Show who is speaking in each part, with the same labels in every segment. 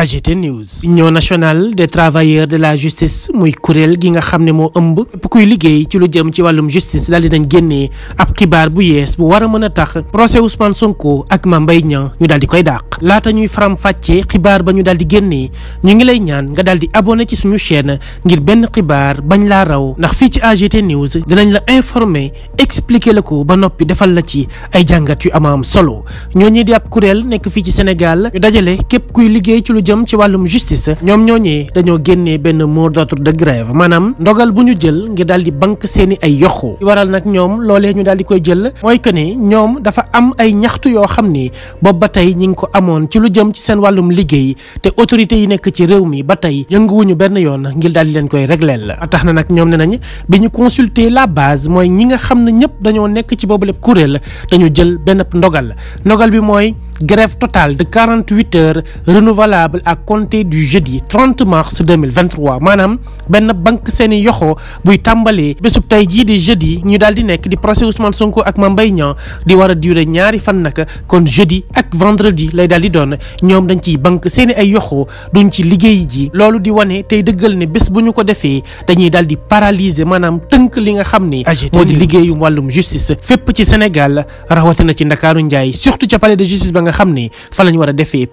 Speaker 1: AGT News. Union nationale des travailleurs de la justice muy kuréel gi nga xam ne moo ëmb képp kuy liggéey ci lu jëm ci wàllum justice daal di nañ génnee ab xibaar bu yees bu war a mën a tax procès Ousmane Sonko ak Mame Mbaye Niang ñu daal di koy dàq. laata ñuy faram fàccee xibaar ba ñu daal di génnee ñu ngi lay ñaan nga daal di abonné ci suñu chaîne ngir benn xibaar bañ laa raw ndax fii ci AGT News dinañ la informer expliquer la ko ba noppi defal la ci ay jàngat yu am am solo ñooñu di ci Sénégal jëm ci wàllum justice ñoom ñooñee dañoo génnee benn mot d'ordre de grève maanaam ndogal bu ñu jël ngir daal di banque seeni ay yoxu waral nag ñoom loolee ñu daal di koy jël mooy que ne ñoom dafa am ay ñaxtu yoo xam ni boobu ba tey ñi ngi ko amoon ci lu jëm ci seen wàllum liggéey te autorité yi nekk ci réew mi ba tey yënguwuñu benn yoon nag ngir daal di leen koy régleel tax na nag ñoom ne nañ bi ñu consulter la base mooy ñi nga xam ne ñëpp dañoo nekk ci boobu lépp kuréel dañu jël benn ndogal ndogal bi mooy grève valable à compter du jeudi 30 mars 2023 maanaam benn banque seeni yoxoo buy tàmbalee bésub tey jii di jeudi ñu daal di nekk di procès Ousmane Sonko ak Mame Mbaye Niang di war a durer ñaari fan naka kon jeudi ak vendredi lay daal di doon ñoom dañ ciy banque seeni ay yoxoo duñ ci liggéey ji loolu di wane tey dëggal ne bés bu ñu ko defee dañuy daal di paralyser maanaam tënk li nga xam ne moo di liggéeyum wàllum justice fépp ci Sénégal rawatina ci Ndakaaru Njaay surtout ca palais de justice ba nga xam ne fa lañ war a defee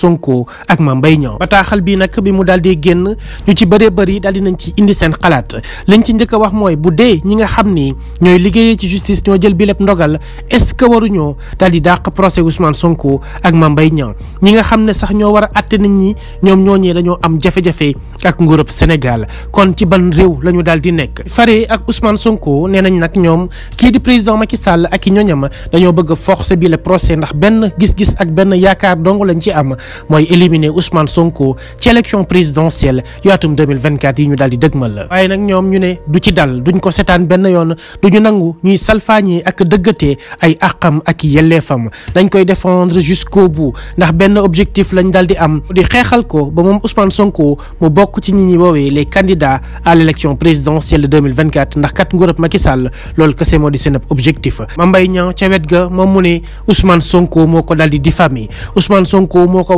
Speaker 1: Sonko ak Mame Mbaye Niang bataaxal bii nag bi mu daal di génn ñu ci bëree bëri daal di nañ ci indi seen xalaat lañ ci njëkk wax mooy bu dee ñi nga xam ni ñooy liggéeyee ci justice ñoo jël bi lépp ndogal est-ce que waruñoo daal di dàq procès Ousmane Sonko ak Mame Mbaye Niang ñi nga xam ne sax ñoo war a àtte nit ñi ñoom ñooñee dañoo am jafe-jafe ak nguurub Sénégal kon ci ban réew la ñu daal di nekk fare ak Ousmane Sonko nee nañ nag ñoom kii di président Macky Sall ak i ñoñam dañoo bëgg a forcer bi le ndax benn gis-gis ak benn yaakaar dong lañ ci am mooy éliminer Ousmane Sonko ci élection présidentielle yu atum 2024 yi ñu daal di dëgmal. waaye nag ñoom ñu ne du ci dal duñ ko setaan benn yoon duñu nangu ñuy salfaañee ak dëggatee ay àqam ak yelleefam dañ koy défendre jusqu'au bout ndax benn objectif lañ daal di am di xeexal ko ba moom Ousmane Sonko mu bokk ci ñi ñuy woowee les candidats à l'élection présidentielle de 2024 ndax kat nguurab Macky Sall loolu kese moo di seen objectif. Mame Mbaye Niang ca wet ga moom mu ne Ousmane Sonko moo ko daal di diffamé Ousmane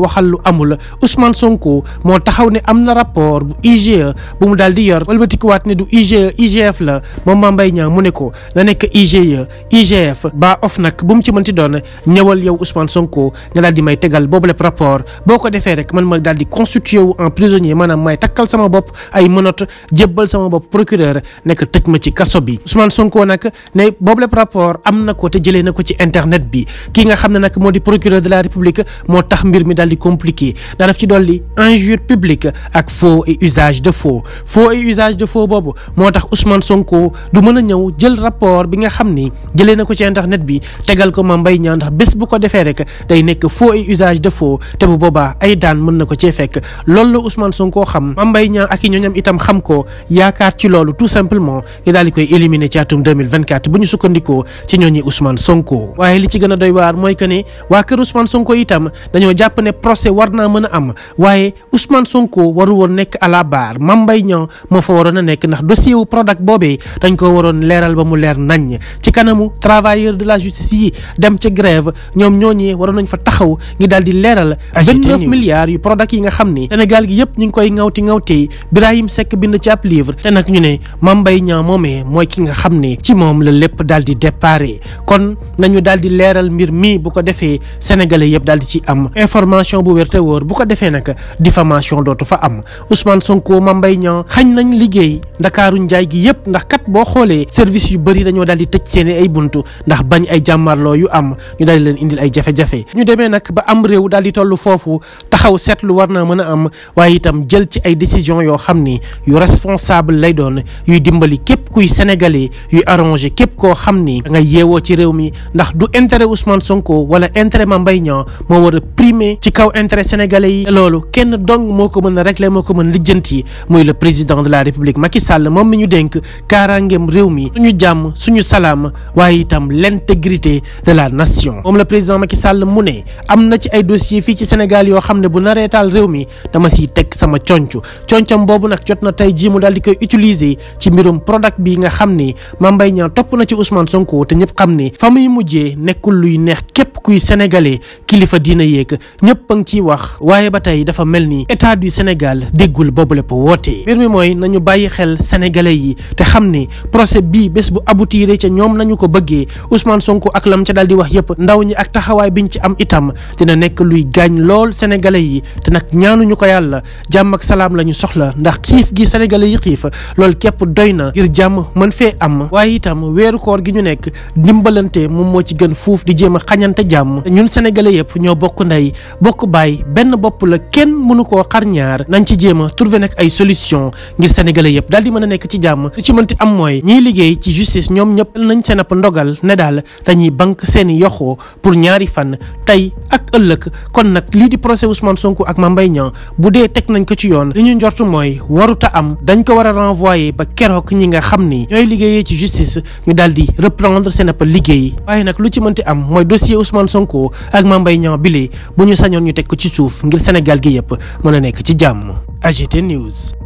Speaker 1: waxal lu amul Ousmane Sonko moo taxaw ne am na rapport bu IGE bu mu daal di yor walbatikuwaat ne du IGE IGF la moom Mame Mbaye mu ne ko na nekk IGE IGF ba of nag bu mu ci man ci doon ñëwal yow Ousmane Sonko nga daal di may tegal boobu lépp rapport boo ko defee rek man ma daal di constitué wu en prisonnier maanaam may takkal sama bopp ay menottes jébbal sama bopp procureur nekk tëj ma ci kaso bi Ousmane Sonko nag ne boobu lépp rapport am na ko te jëlee na ko ci bi di compliqué da daf ci dolli injure publique ak faux et usage de faux faux et usage de faux boobu moo tax Ousmane Sonko du mën a ñëw jël rapport bi nga xam ni jëlee na ko ci net bi tegal ko ma mbay Niang ndax bés bu ko defee rek day nekk foo et usage de foo te bu boobaa ay daan mën na ko cee fekk loolu la Ousmane Sonko xam Mame Mbaye Niang ak i ñooñam itam xam ko yaakaar ci loolu tout simplement ñu daal di koy éliminer ci atum 2024 bu ñu sukkandikoo ci ñooñi Ousmane Sonko waaye li ci gën a doy waar mooy que ne waa kër Ousmane Sonko itam procès war naa mën a am waaye Ousmane Sonko waru woon nekk à la barre Mame Mbaye Niang moo fa waroon a nekk ndax dossier wu Prodac boobee dañ ko waroon leeral ba mu leer naññ ci kanamu travailleur de la justice yi dem ca grève ñoom ñooñee waroon nañ fa taxaw ngi daal di leeral vingt-neuf milliards yu yi nga xam ni Sénégal gi yëpp ñu ngi koy ŋawti ŋawtee Birahim Seck bind ci ab livre te nag ñu ne Mame Mbaye Niang moomee mooy ki nga xam ne ci moom la lépp daal di déparé kon nañu daal di leeral mbir mi bu ko defee sénégalais yëpp daal di ci am information bu wér te bu ko defee nag diffamation dootu fa am Ousmane Sonko ma Mbaye Niang xañ nañ liggéey Ndakaaru njaay gi yëpp ndax kat boo xoolee service yu bëri dañoo daal di tëj seen ay buntu ndax bañ ay jàmmarloo yu am ñu daal leen indil ay jafe-jafe ñu demee nag ba am réew daal di toll foofu taxaw seetlu war naa mën a am waaye itam jël ci ay décision yoo xam ni yu responsable lay doon yuy dimbali képp kuy sénégalais yuy arrangé képp koo xam ni nga yeewoo ci réew mi ndax du intérêt Ousmane Sonko wala intérêt Mame Mbaye kaw intérêt sénégalais yi loolu kenn dong moo ko mën a régler moo ko mën yi muy le président de la république Macky Sall moom mi ñu dénk kaaraangeem réew mi suñu jàmm suñu salaam waaye itam l'intégrité de la nation moom la président Macky Sall mu ne am na ci ay dossiers fii ci Sénégal yoo xam ne bu nareetaal réew mi dama siy teg sama conc concam boobu nag jot na tey jii mu daal di koy utiliser ci mbirum Prodac bi nga xam ne ma Mbaye Niang topp na ci Ousmane Sonko te ñëpp xam ne fa muy nekkul luy neex képp kuy sénégalais kilifa diina yéeg ñëpp a ngi ciy wax waaye ba tey dafa mel ni état du Sénégal déggul boobu lépp woote mbir mi mooy nañu bàyyi xel sénégalais yi te xam ne procès bii bés bu aboutir ca ñoom nañu ko bëggee Ousmane Sonko ak lam ca daal di wax yëpp ndaw ñi ak taxawaay bi ñu ci am itam dina nekk luy gaañ lool sénégalais yi te nag ñaanuñu ko yàlla jàmm ak salaam lañu soxla ndax xiif gi sénégalais yi xiif loolu képp doy na ngir jàmm man fee am waaye itam weeru koor gi ñu nekk dimbalante moom moo ci gën fuuf di jéem a xañante jàmm ñun sénégalais bokk baay benn bopp la kenn mënu koo xar nañ ci jéem a nag ay solution ngir sénégalais yëpp daal mën a nekk ci jàmm li ci mënti am mooy ñiy liggéey ci justice ñoom ñëpp nañ seen ab bu dee teg nañ ko ci yoon li ñu njort mooy waruta am dañ ko war a ba keroog ñi nga xam ni ñooy liggéeyee ci justice ñu daal reprendre seen liggéey waaye nag lu ci mënti am mooy dossier Ousmane Sonko ak Mame Mbaye Niang bile bu ñu sañoon ñu teg ko ci suuf ngir Sénégal gi yëpp mën a nekk ci jàmm AGT News